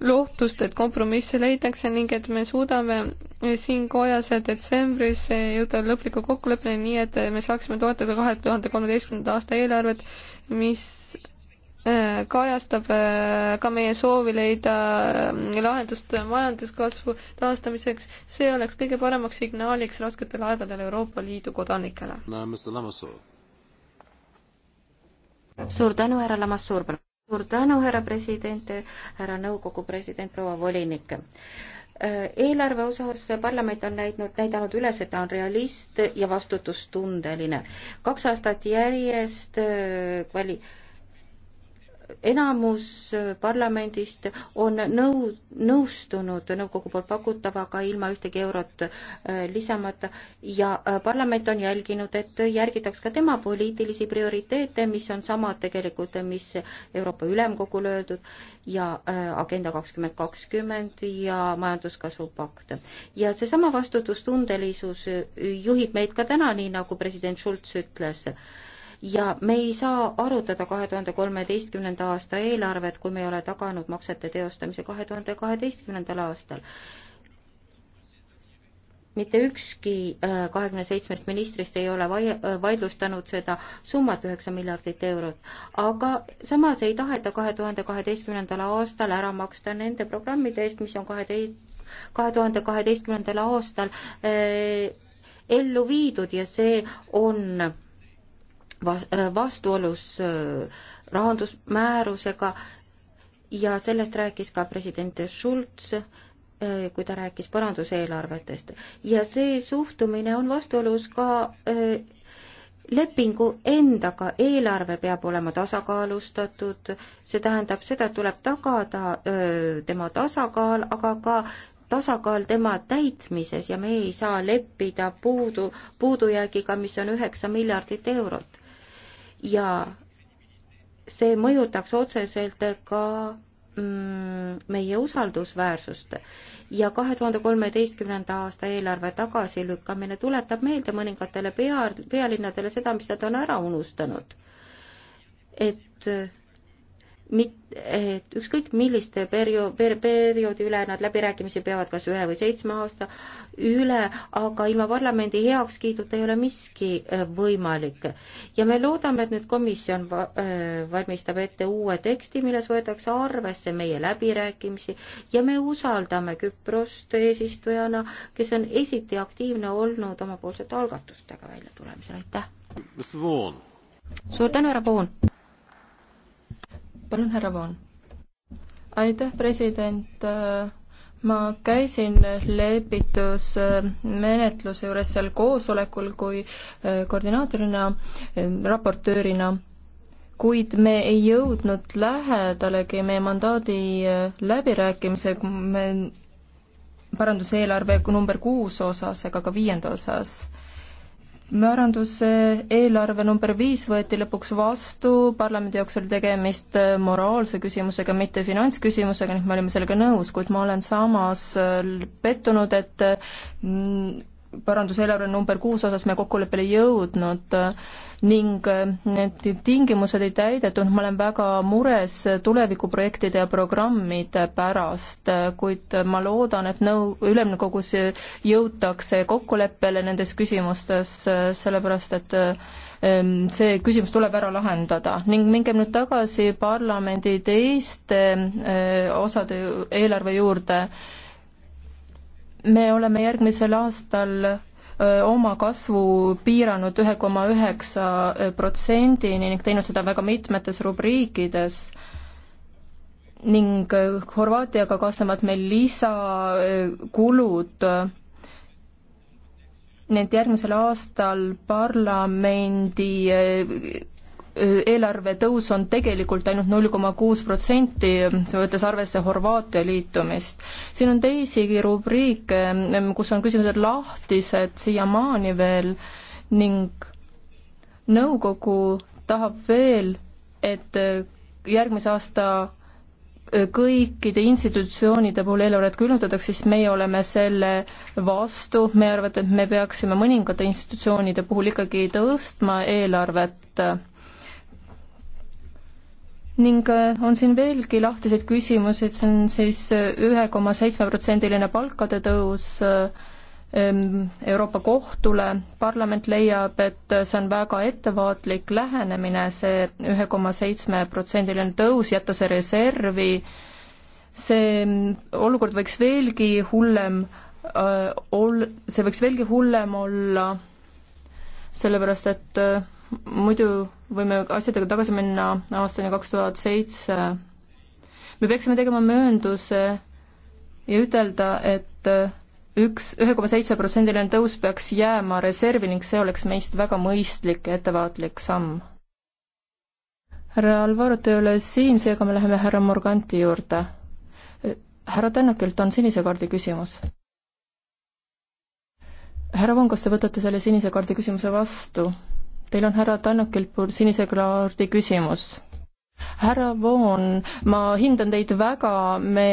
Speaker 2: lootust, et kompromisse leitakse ning et me suudame äh, siin kojas detsembris äh, jõuda lõpliku kokkuleppeni, nii et me saaksime toetada kahe tuhande kolmeteistkümnenda aasta eelarvet, mis kajastab ka meie soovi leida lahendust majanduskasvu taastamiseks. see oleks kõige paremaks signaaliks rasketel aegadel
Speaker 1: Euroopa Liidu kodanikele suur tänu, härra Lamassuur. suur tänu, härra president, härra nõukogu president, proua volinik äh, eelarve osas parlament on näidnud, näidanud üles, et ta on realist ja vastutustundeline. kaks aastat järjest äh, kvali-, enamus äh, parlamendist on nõu, nõustunud nõukogu poolt pakutavaga ilma ühtegi eurot äh, lisamata ja äh, parlament on jälginud, et järgitaks ka tema poliitilisi prioriteete, mis on samad tegelikult, mis Euroopa Ülemkogul öeldud ja Agenda kakskümmend kakskümmend ja majanduskasvu pakt. ja seesama vastutustundelisus juhib meid ka täna, nii nagu president Schulz ütles ja me ei saa arutada kahe tuhande kolmeteistkümnenda aasta eelarvet, kui me ei ole taganud maksete teostamise kahe tuhande kaheteistkümnendal aastal mitte ükski äh, kahekümne seitsmest ministrist ei ole vai-, äh, vaidlustanud seda summat, üheksa miljardit eurot. aga samas ei taheta kahe tuhande kaheteistkümnendal aastal ära maksta nende programmide eest, mis on kahetei-, kahe tuhande kaheteistkümnendal aastal eh, ellu viidud ja see on Äh, vastuolus äh, rahandusmäärusega ja sellest rääkis ka president Schulz, äh, kui ta rääkis paranduseelarvetest. ja see suhtumine on vastuolus ka lepingu endaga, eelarve peab olema tasakaalustatud, see tähendab seda, et tuleb tagada öö, tema tasakaal, aga ka tasakaal tema täitmises ja me ei saa leppida puudu, puudujäägiga, mis on üheksa miljardit eurot ja see mõjutaks otseselt ka mm, meie usaldusväärsust ja kahe tuhande kolmeteistkümnenda aasta eelarve tagasilükkamine tuletab meelde mõningatele pea, pealinnadele seda, mis nad on ära unustanud. et mit-, et ükskõik milliste perio-, per-, perioodi üle nad läbirääkimisi peavad, kas ühe või seitsme aasta üle, aga ilma parlamendi heakskiiduta ei ole miski äh, võimalik. ja me loodame, et nüüd komisjon va-, äh, valmistab ette uue teksti, milles võetakse arvesse meie läbirääkimisi ja me usaldame Küprost eesistujana, kes on esiti aktiivne olnud omapoolsete algatustega väljatulemisel, aitäh! suur tänu, härra Poon! palun, härra Voon.
Speaker 3: aitäh, president ma käisin lepitusmenetluse äh, juures seal koosolekul kui äh, koordinaatorina, äh, raportöörina, kuid me ei jõudnud lähedalegi meie mandaadi läbirääkimisega, paranduseelarve number kuus osas ega ka viienda osas määranduse eelarve number viis võeti lõpuks vastu, parlamendi jaoks oli tegemist äh, moraalse küsimusega, mitte finantsküsimusega, nii et me olime sellega nõus, kuid ma olen samas äh, pettunud, et äh, paranduseelarve number kuus osas me kokkuleppele jõudnud äh, ning äh, need tingimused ei täidetud, ma olen väga mures tulevikuprojektide ja programmide pärast, äh, kuid ma loodan, et nõu, ülemkogus jõutakse kokkuleppele nendes küsimustes, sellepärast et ähm, see küsimus tuleb ära lahendada ning mingem nüüd tagasi parlamendi teiste osade eelarve juurde me oleme järgmisel aastal oma kasvu piiranud ühe koma üheksa protsendini ning teinud seda väga mitmetes rubriikides ning Horvaatiaga kaasnevad meil lisakulud. nii et järgmisel aastal parlamendi eelarve tõus on tegelikult ainult null koma kuus protsenti, võttes arvesse Horvaatia liitumist. siin on teisigi rubriike, kus on küsimused lahtised siiamaani veel ning nõukogu tahab veel, et järgmise aasta kõikide institutsioonide puhul eelarvet külmutatakse, siis meie oleme selle vastu, meie arvate, et me peaksime mõningate institutsioonide puhul ikkagi tõstma eelarvet ning äh, on siin veelgi lahtiseid küsimusi, et see on siis äh, ühe koma seitsme protsendiline palkade tõus äh, ähm, Euroopa Kohtule, parlament leiab, et see on väga ettevaatlik lähenemine see, see ühe koma seitsme protsendiline tõus, jätta see reservi, see ähm, olukord võiks veelgi hullem ol-, see võiks veelgi hullem olla, sellepärast et muidu võime asjadega tagasi minna aastani kaks tuhat seitse. me peaksime tegema möönduse ja ütelda, et üks, ühe koma seitse protsendiline tõus peaks jääma reservi ning see oleks meist väga mõistlik ja ettevaatlik samm. härra Alvarot ei ole siin, seega me läheme härra Morganti juurde. härra Tänakilt on sinise kaardi küsimus. härra Von, kas te võtate selle sinise kaardi küsimuse vastu? Teil on härra Tannakilt sinise kaardi küsimus. härra Voon, ma hindan teid väga, me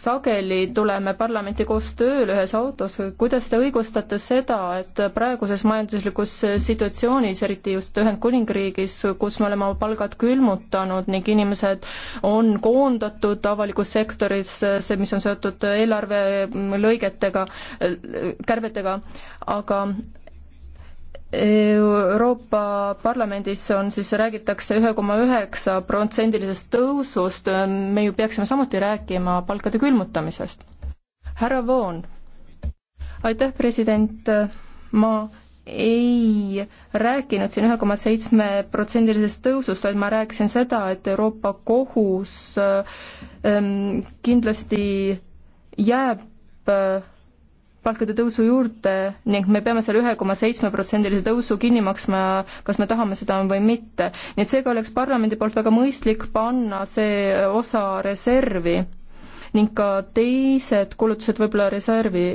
Speaker 3: sageli tuleme parlamenti koos tööle ühes autos, kuidas te õigustate seda, et praeguses majanduslikus situatsioonis, eriti just Ühendkuningriigis, kus me oleme palgad külmutanud ning inimesed on koondatud avalikus sektoris, see, mis on seotud eelarvelõigetega, kärbetega, aga Euroopa Parlamendis on siis, räägitakse ühe koma üheksa protsendilisest tõusust, me ju peaksime samuti rääkima palkade külmutamisest. härra Voon. aitäh, president, ma ei rääkinud siin ühe koma seitsme protsendilisest tõusust, vaid ma rääkisin seda, et Euroopa Kohus ähm, kindlasti jääb äh, palkade tõusu juurde ning me peame selle ühe koma seitsme protsendilise tõusu kinni maksma, kas me tahame seda või mitte. nii et seega oleks parlamendi poolt väga mõistlik panna see osa reservi ning ka teised kulutused võib-olla reservi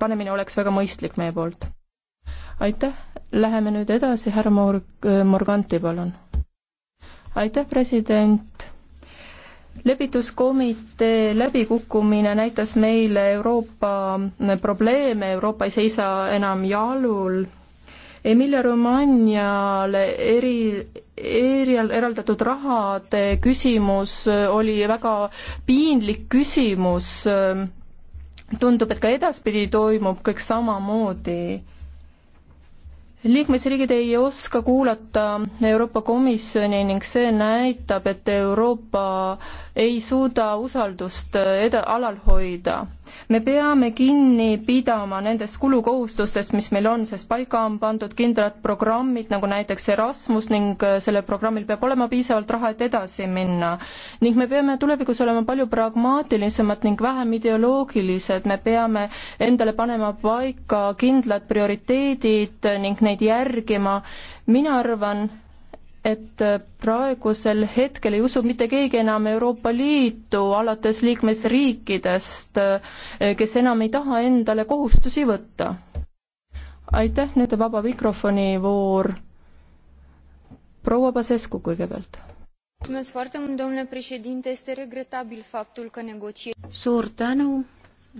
Speaker 3: panemine oleks väga mõistlik meie poolt. aitäh, läheme nüüd edasi, härra Mor-, Morganti, palun. aitäh, president lepituskomitee läbikukkumine näitas meile Euroopa probleeme, Euroopa ei seisa enam jalul. Emilia-Romagnale eri, erial-, eraldatud rahade küsimus oli väga piinlik küsimus. tundub, et ka edaspidi toimub kõik samamoodi liikmesriigid ei oska kuulata Euroopa Komisjoni ning see näitab, et Euroopa ei suuda usaldust eda-, alal hoida me peame kinni pidama nendest kulukohustustest, mis meil on, sest paika on pandud kindlad programmid, nagu näiteks Erasmus ning äh, sellel programmil peab olema piisavalt raha, et edasi minna. ning me peame tulevikus olema palju pragmaatilisemad ning vähem ideoloogilised, me peame endale panema paika kindlad prioriteedid ning neid järgima. mina arvan, et äh, praegusel hetkel ei usu mitte keegi enam Euroopa Liitu, alates liikmesriikidest, äh, kes enam ei taha endale kohustusi võtta. aitäh, nüüd on vaba mikrofoni voor. proua Pasescu kõigepealt.
Speaker 1: suur tänu,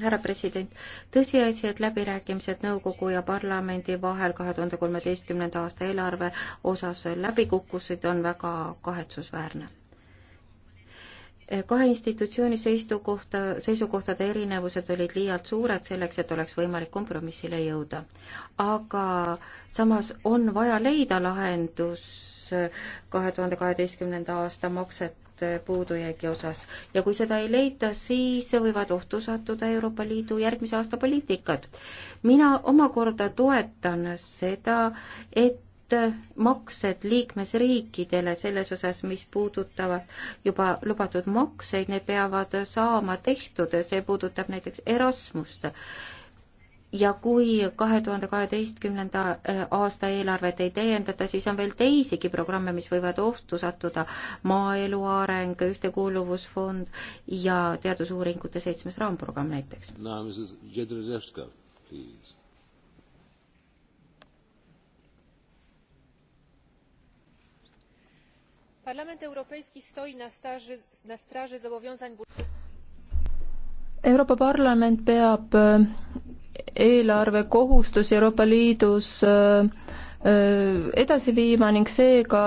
Speaker 1: härra president, tõsiasi, et läbirääkimised nõukogu ja parlamendi vahel kahe tuhande kolmeteistkümnenda aasta eelarve osas läbi kukkusid, on väga kahetsusväärne. kahe institutsiooni seisukohta, seisukohtade erinevused olid liialt suured selleks, et oleks võimalik kompromissile jõuda. aga samas on vaja leida lahendus kahe tuhande kaheteistkümnenda aasta maksete kattuvate äh, puudujäägi osas ja kui seda ei leita, siis võivad ohtu sattuda Euroopa Liidu järgmise aasta poliitikad. mina omakorda toetan seda, et maksed liikmesriikidele selles osas, mis puudutavad juba lubatud makseid, need peavad saama tehtud, see puudutab näiteks Erasmust ja kui kahe tuhande kaheteistkümnenda äh, aasta eelarvet ei täiendata, siis on veel teisigi programme, mis võivad ohtu sattuda. maaelu areng, ühtekuuluvusfond ja teadusuuringute seitsmes raamprogramm näiteks.
Speaker 3: Parlament Europejski stoi na staży, na straży zobowiązań Euroopa Parlament peab eelarvekohustusi Euroopa Liidus äh, äh, edasi viima ning seega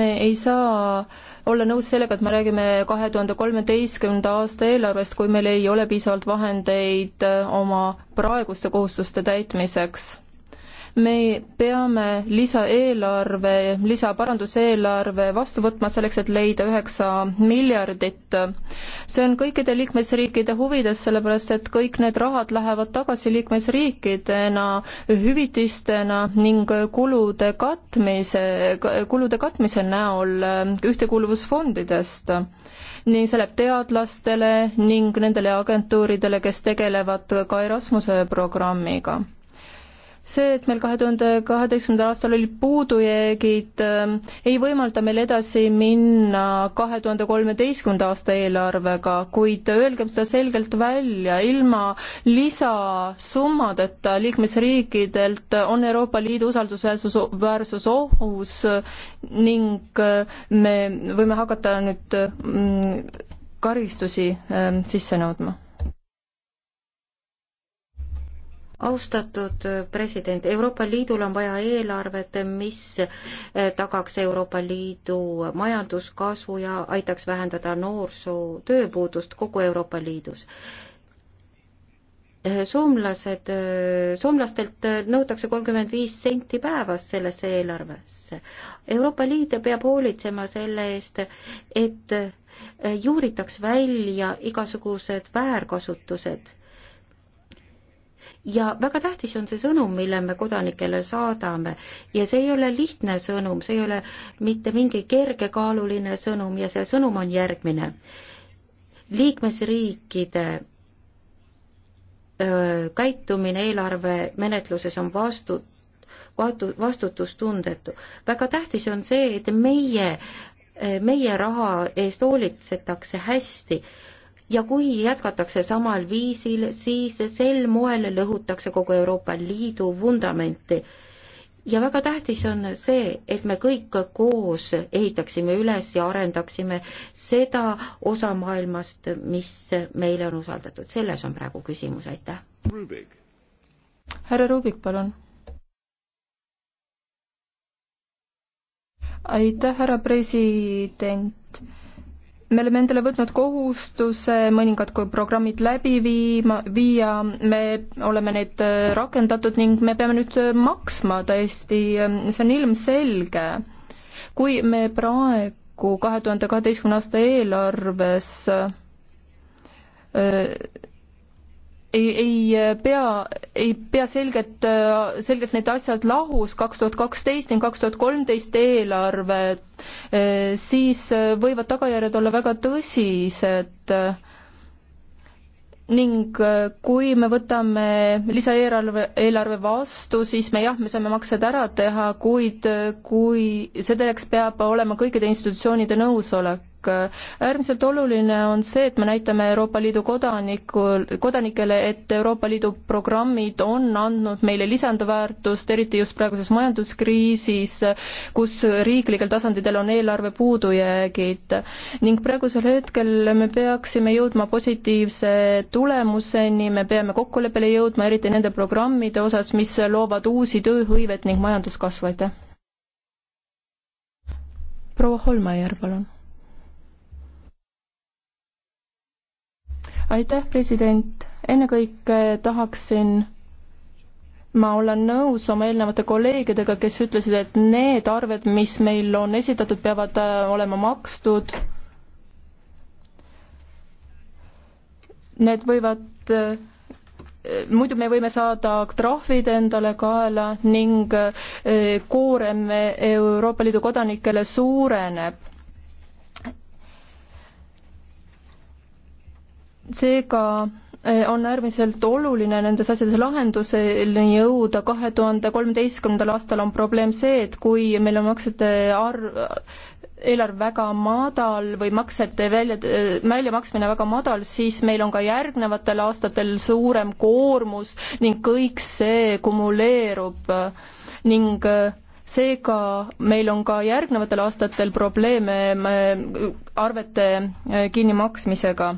Speaker 3: me ei saa olla nõus sellega, et me räägime kahe tuhande kolmeteistkümnenda aasta eelarvest, kui meil ei ole piisavalt vahendeid äh, oma praeguste kohustuste täitmiseks me peame lisaeelarve, lisaparanduseelarve vastu võtma selleks, et leida üheksa miljardit. see on kõikide liikmesriikide huvides, sellepärast et kõik need rahad lähevad tagasi liikmesriikidena hüvitistena ning kulude katmise, kulude katmise näol ühtekuuluvusfondidest nii selle teadlastele ning nendele agentuuridele, kes tegelevad ka Erasmuse programmiga see, et meil kahe tuhande kaheteistkümnendal aastal olid puudujäägid, ähm, ei võimalda meil edasi minna kahe tuhande kolmeteistkümnenda aasta eelarvega, kuid öelgem seda selgelt välja, ilma lisasummadeta liikmesriikidelt on Euroopa Liidu usaldusväärsus, väärsus ohus ning äh, me võime hakata nüüd äh, mm, karistusi ähm, sisse nõudma
Speaker 1: austatud president, Euroopa Liidul on vaja eelarvet, mis eh, tagaks Euroopa Liidu majanduskasvu ja aitaks vähendada noorsoo tööpuudust kogu Euroopa Liidus. Eh, soomlased, eh, soomlastelt nõutakse kolmkümmend viis senti päevas sellesse eelarvesse. Euroopa Liit peab hoolitsema selle eest, et juuritaks välja igasugused väärkasutused ja väga tähtis on see sõnum, mille me kodanikele saadame. ja see ei ole lihtne sõnum, see ei ole mitte mingi kergekaaluline sõnum ja see sõnum on järgmine. liikmesriikide öö, käitumine eelarvemenetluses on vastu, vastu, vastutustundetu. väga tähtis on see, et meie, meie raha eest hoolitsetakse hästi ja kui jätkatakse samal viisil, siis sel moel lõhutakse kogu Euroopa Liidu vundamenti. ja väga tähtis on see, et me kõik koos ehitaksime üles ja arendaksime seda osa maailmast, mis meile on usaldatud, selles on praegu küsimus, aitäh. härra Rubik, palun.
Speaker 3: aitäh, härra president me oleme endale võtnud kohustuse mõningad programmid läbi viima, viia, me oleme neid äh, rakendatud ning me peame nüüd äh, maksma tõesti, ähm, see on ilmselge. kui me praegu kahe tuhande kaheteistkümne aasta eelarves äh, ei, ei äh, pea, ei pea äh, selgelt, selgelt neid asjad lahus, kaks tuhat kaksteist ning kaks tuhat kolmteist eelarve, äh, siis võivad tagajärjed olla väga tõsised. ning kui me võtame lisaeelarve, eelarve vastu, siis me jah, me saame maksed ära teha, kuid kui selleks peab olema kõikide institutsioonide nõusolek Äh, äärmiselt oluline on see, et me näitame Euroopa Liidu kodanikul, kodanikele, et Euroopa Liidu programmid on andnud meile lisandväärtust, eriti just praeguses majanduskriisis, kus riiklikel tasanditel on eelarve puudujäägid. ning praegusel hetkel me peaksime jõudma positiivse tulemuseni, me peame kokkuleppele jõudma, eriti nende programmide osas, mis loovad uusi tööhõivet ning majanduskasvu, aitäh! proua Holmajärv, palun aitäh, president. ennekõike tahaksin ma olen nõus oma eelnevate kolleegidega, kes ütlesid, et need arved, mis meil on esitatud, peavad äh, olema makstud. Need võivad, äh, äh, muidu me võime saada trahvid endale kaela ning koorem Euroopa Liidu kodanikele suureneb seega eh, on äärmiselt oluline nendes asjades lahenduseni jõuda, kahe tuhande kolmeteistkümnendal aastal on probleem see, et kui meil on maksete arv, eelarve väga madal või maksete välja, väljamaksmine väga madal, siis meil on ka järgnevatel aastatel suurem koormus ning kõik see kumuleerub ning eh, seega meil on ka järgnevatel aastatel probleeme arvete eh, kinnimaksmisega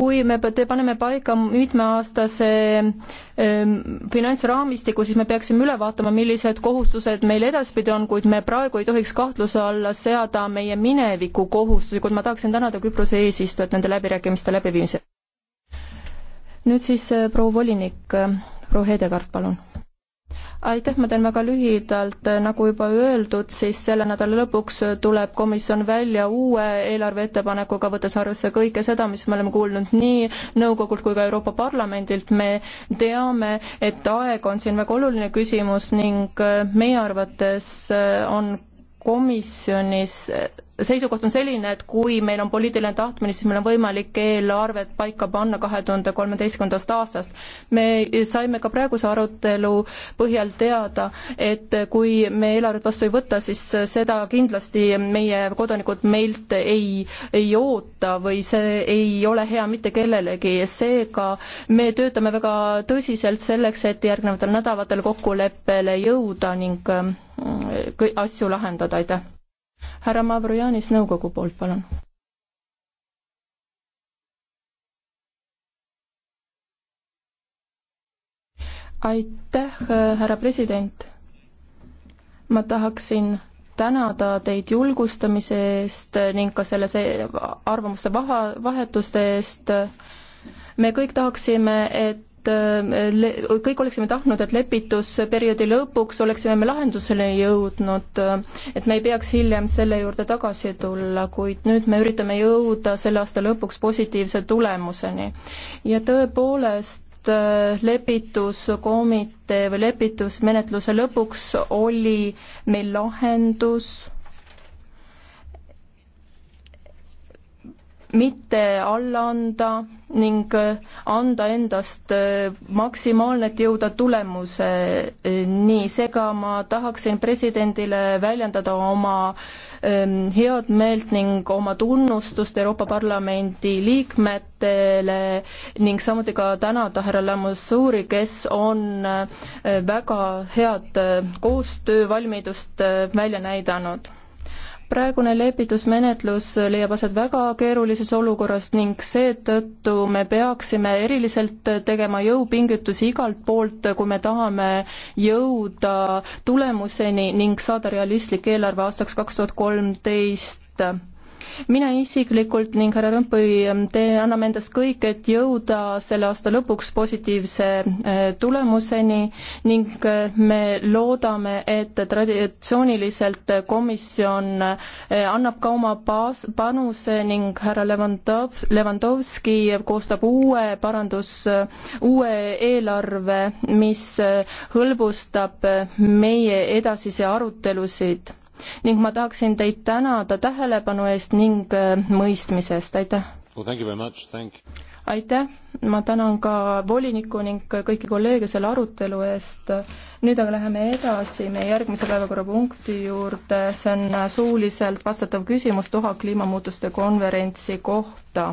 Speaker 3: kui me paneme paika mitmeaastase ähm, finantsraamistiku, siis me peaksime üle vaatama, millised kohustused meil edaspidi on, kuid me praegu ei tohiks kahtluse alla seada meie mineviku kohustusi, kuid ma tahaksin tänada Küprose eesistujat nende läbirääkimiste läbiviimisel. nüüd siis äh, proua volinik, äh, proua Hedegaard, palun aitäh, ma teen väga lühidalt, nagu juba öeldud, siis selle nädala lõpuks tuleb komisjon välja uue eelarveettepanekuga, võttes arvesse kõike seda, mis me oleme kuulnud nii nõukogult kui ka Euroopa Parlamendilt. me teame, et aeg on siin väga oluline küsimus ning meie arvates on komisjonis seisukoht on selline, et kui meil on poliitiline tahtmine, siis meil on võimalik eelarvet paika panna kahe tuhande kolmeteistkümnendast aastast. me saime ka praeguse arutelu põhjal teada, et kui me eelarvet vastu ei võta, siis seda kindlasti meie kodanikud meilt ei, ei oota või see ei ole hea mitte kellelegi, seega me töötame väga tõsiselt selleks, et järgnevatel nädalatel kokkuleppele jõuda ning äh, asju lahendada, aitäh! härra Mavrojanis nõukogu poolt, palun. aitäh, härra president. ma tahaksin tänada teid julgustamise eest ning ka selle arvamuste vaha, vahetuste eest. me kõik tahaksime, et et äh, kõik oleksime tahtnud, et lepitusperioodi lõpuks oleksime me lahendusele jõudnud, äh, et me ei peaks hiljem selle juurde tagasi tulla, kuid nüüd me üritame jõuda selle aasta lõpuks positiivse tulemuseni. ja tõepoolest, äh, lepituskomitee või lepitusmenetluse lõpuks oli meil lahendus mitte alla anda ning äh, anda endast äh, maksimaalne, et jõuda tulemuseni. Äh, seega ma tahaksin presidendile väljendada oma ähm, head meelt ning oma tunnustust Euroopa Parlamendi liikmetele ning samuti ka tänada härra Lamassuuri, kes on väga head koostöövalmidust välja näidanud praegune lepitusmenetlus leiab aset väga keerulises olukorras ning seetõttu me peaksime eriliselt tegema jõupingutusi igalt poolt, kui me tahame jõuda tulemuseni ning saada realistlik eelarve aastaks kaks tuhat kolmteist mina isiklikult ning härra Rõmpõi, mm, te anname endast kõik, et jõuda selle aasta lõpuks positiivse äh, tulemuseni ning äh, me loodame, et traditsiooniliselt komisjon äh, annab ka oma baas, panuse ning härra Levantov-, Levandovski koostab uue parandus, uue eelarve, mis hõlbustab meie edasisi arutelusid ning ma tahaksin teid tänada tähelepanu eest ning äh, mõistmise eest, aitäh! aitäh, ma tänan ka volinikku ning kõiki kolleege selle arutelu eest. nüüd aga läheme edasi meie järgmise päevakorrapunkti juurde, see on suuliselt vastatav küsimus Doha kliimamuutuste konverentsi kohta